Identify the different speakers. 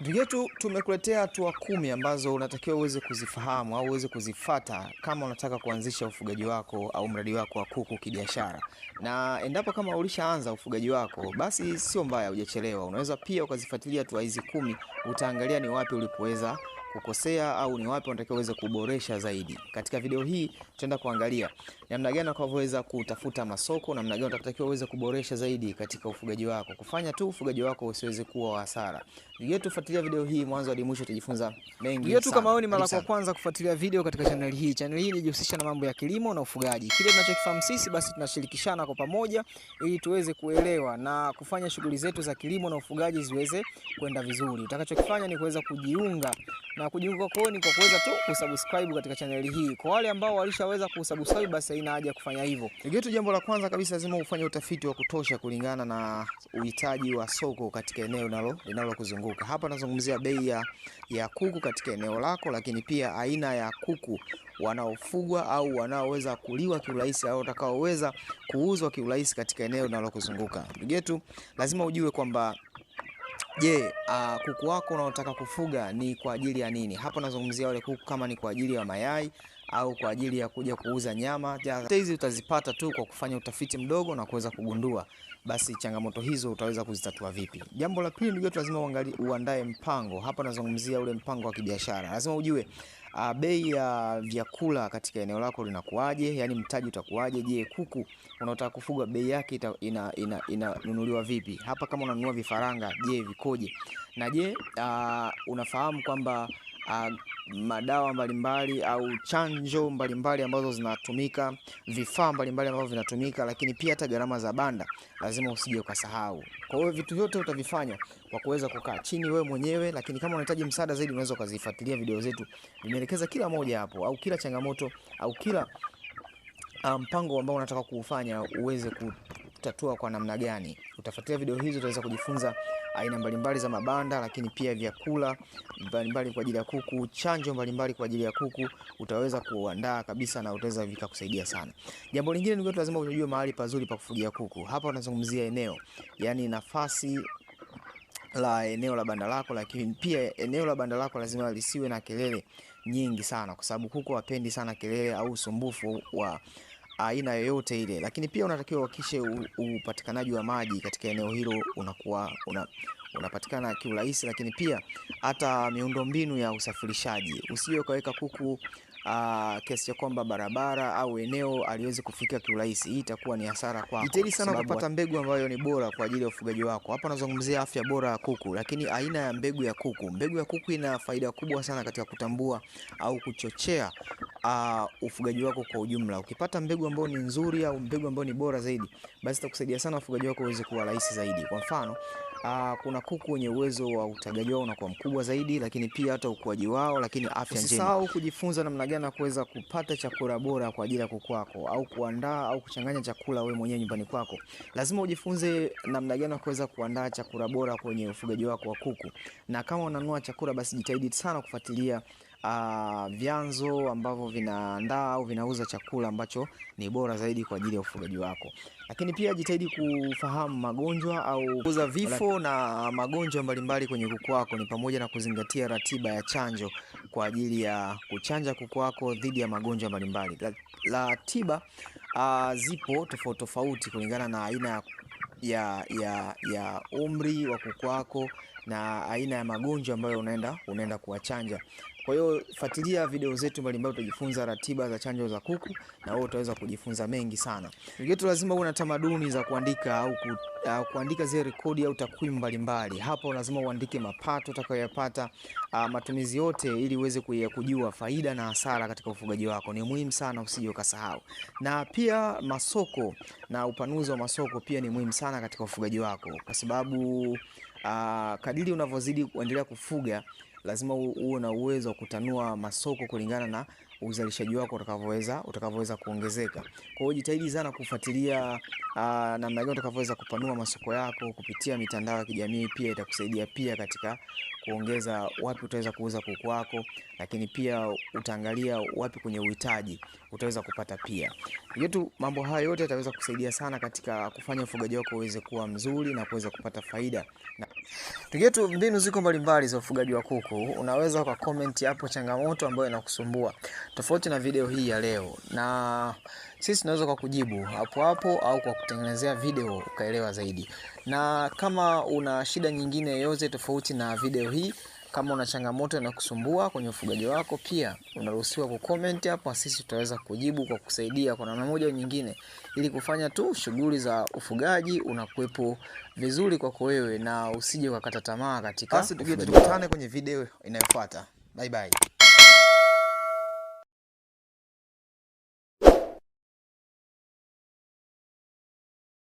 Speaker 1: Ndugu yetu, tumekuletea hatua kumi ambazo unatakiwa uweze kuzifahamu au uweze kuzifata kama unataka kuanzisha ufugaji wako au mradi wako wa kuku kibiashara. Na endapo kama ulishaanza ufugaji wako, basi sio mbaya, hujachelewa. Unaweza pia ukazifuatilia hatua hizi kumi, utaangalia ni wapi ulipoweza kukosea au ni wapi unatakiwa uweze kuboresha zaidi. Katika video hii tutaenda kuangalia namna gani unaweza kutafuta masoko, namna gani unatakiwa uweze kuboresha zaidi katika ufugaji wako, kufanya tu ufugaji wako usiweze kuwa wa hasara. Ndio tufuatilia video hii mwanzo hadi mwisho, utajifunza mengi. Ndio tu kama wewe ni mara kwa kwanza kufuatilia video katika channel hii, channel hii inajihusisha na mambo ya kilimo na ufugaji. Kile tunachokifahamu sisi basi tunashirikishana kwa pamoja ili tuweze kuelewa na kufanya shughuli zetu za kilimo na ufugaji ziweze kwenda vizuri. Utakachokifanya ni kuweza kujiunga na kujiunga koni kwa kuweza tu kusubscribe katika chaneli hii. Kwa wale ambao walishaweza kusubscribe, basi haina haja kufanya hivyo. Kitu jambo la kwanza kabisa, lazima ufanye utafiti wa kutosha kulingana na uhitaji wa soko katika eneo linalo linalokuzunguka. Hapa nazungumzia bei ya, ya kuku katika eneo lako, lakini pia aina ya kuku wanaofugwa au wanaoweza kuliwa kiurahisi au watakaoweza kuuzwa kiurahisi katika eneo linalokuzunguka. Ndugu yetu, lazima ujue kwamba Je, uh, kuku wako unaotaka kufuga ni kwa ajili ya nini? Hapo nazungumzia wale kuku kama ni kwa ajili ya mayai au kwa ajili ya kuja kuuza nyama. Hizi utazipata tu kwa kufanya utafiti mdogo na kuweza kugundua basi changamoto hizo utaweza kuzitatua vipi. Jambo la pili, ndugu lazima lazima uandae mpango. Hapa nazungumzia ule mpango wa kibiashara. Lazima ujue Uh, bei ya vyakula katika eneo lako linakuaje Yaani mtaji utakuaje Je, kuku unaotaka kufuga bei yake inanunuliwa ina, ina vipi? Hapa kama unanunua vifaranga, je vikoje? Na je, uh, unafahamu kwamba uh, madawa mbalimbali au chanjo mbalimbali ambazo zinatumika, vifaa mbalimbali ambavyo vinatumika, lakini pia hata gharama za banda lazima usije ukasahau. Kwa hiyo vitu vyote utavifanya kwa kuweza kukaa chini wewe mwenyewe, lakini kama unahitaji msaada zaidi, unaweza ukazifuatilia video zetu, nimeelekeza kila moja hapo, au kila changamoto au kila ah, mpango ambao unataka kuufanya uweze kutatua kwa namna gani. Utafuatilia video hizo, utaweza kujifunza aina mbalimbali za mabanda, lakini pia vyakula mbalimbali kwa ajili ya kuku, chanjo mbalimbali kwa ajili ya kuku, utaweza kuandaa kabisa na utaweza vikakusaidia sana. Jambo lingine ni lazima ujue mahali pazuri pa kufugia kuku. Hapa unazungumzia eneo, yani nafasi la eneo la banda lako, lakini pia eneo la banda lako lazima lisiwe na kelele nyingi sana, kwa sababu kuku wapendi sana kelele au usumbufu wa aina yoyote ile, lakini pia unatakiwa uhakikishe upatikanaji wa maji katika eneo hilo unakuwa una, unapatikana kiurahisi, lakini pia hata miundombinu ya usafirishaji. Usije ukaweka kuku uh, kiasi cha kwamba barabara au eneo aliwezi kufika kiurahisi, hii itakuwa ni hasara kwako. Jitahidi sana kupata mbegu ambayo ni bora kwa ajili ya ufugaji wako. Hapa nazungumzia afya bora ya kuku, lakini aina ya mbegu ya kuku. Mbegu ya kuku ina faida kubwa sana katika kutambua au kuchochea uh, ufugaji wako kwa ujumla. Ukipata mbegu ambayo ni nzuri au mbegu ambayo ni bora zaidi, basi itakusaidia sana ufugaji wako uweze kuwa rahisi zaidi. Kwa mfano Uh, kuna kuku wenye uwezo wa utagaji wao unakuwa mkubwa zaidi, lakini pia hata ukuaji wao, lakini afya njema. Usisahau kujifunza namna gani na kuweza kupata chakula bora kwa ajili ya kuku wako, au kuandaa au kuchanganya chakula wewe mwenyewe nyumbani kwako, lazima ujifunze namna gani kuweza kuandaa chakula bora kwenye ufugaji wako wa kuku. Na kama unanunua chakula, basi jitahidi sana kufuatilia uh, vyanzo ambavyo vinaandaa au vinauza chakula ambacho ni bora zaidi kwa ajili ya ufugaji wako. Lakini pia jitahidi kufahamu magonjwa au kuza vifo na magonjwa mbalimbali kwenye kuku wako, ni pamoja na kuzingatia ratiba ya chanjo kwa ajili ya kuchanja kuku wako dhidi ya magonjwa mbalimbali. Ratiba uh, ah, zipo tofauti tofauti kulingana na aina ya ya, ya, ya umri wa kuku wako na aina ya magonjwa ambayo unaenda unaenda kuwachanja. Kwa hiyo fuatilia video zetu mbalimbali, utajifunza ratiba za chanjo za kuku na wewe utaweza kujifunza mengi sana. Getu lazima uwe na tamaduni za kuandika au ku, uh, kuandika zile rekodi au takwimu mbalimbali. Hapo lazima uandike mapato utakayoyapata, uh, matumizi yote, ili uweze kujua faida na hasara katika ufugaji wako. Ni muhimu sana, usije ukasahau. Na pia masoko na upanuzi wa masoko pia ni muhimu sana katika ufugaji wako, kwa sababu uh, kadiri unavyozidi kuendelea kufuga lazima uwe na uwezo wa kutanua masoko kulingana na uzalishaji wako utakavyoweza utakavyoweza kuongezeka. Kwa hiyo jitahidi sana kufuatilia ah, namna gani utakavyoweza kupanua masoko yako kupitia mitandao ya kijamii, pia itakusaidia pia katika kuongeza wapi utaweza kuuza kuku wako, lakini pia utaangalia wapi kwenye uhitaji utaweza kupata pia yetu. Mambo haya yote yataweza kusaidia sana katika kufanya ufugaji wako uweze kuwa mzuri na kuweza kupata faida na tugetu. Mbinu ziko mbalimbali za ufugaji wa kuku, unaweza kwa comment hapo changamoto ambayo inakusumbua, tofauti na video hii ya leo, na sisi tunaweza kwa kujibu hapo hapo au kwa kutengenezea video ukaelewa zaidi. Na kama una shida nyingine yoyote tofauti na video hii, kama una changamoto inakusumbua kwenye ufugaji wako, pia unaruhusiwa kucomment hapo, sisi tutaweza kujibu kwa kusaidia kwa namna moja nyingine, ili kufanya tu shughuli za ufugaji unakuwepo vizuri kwako wewe, na usije ukakata tamaa katika. Basi tukutane kwenye video inayofuata. Bye bye.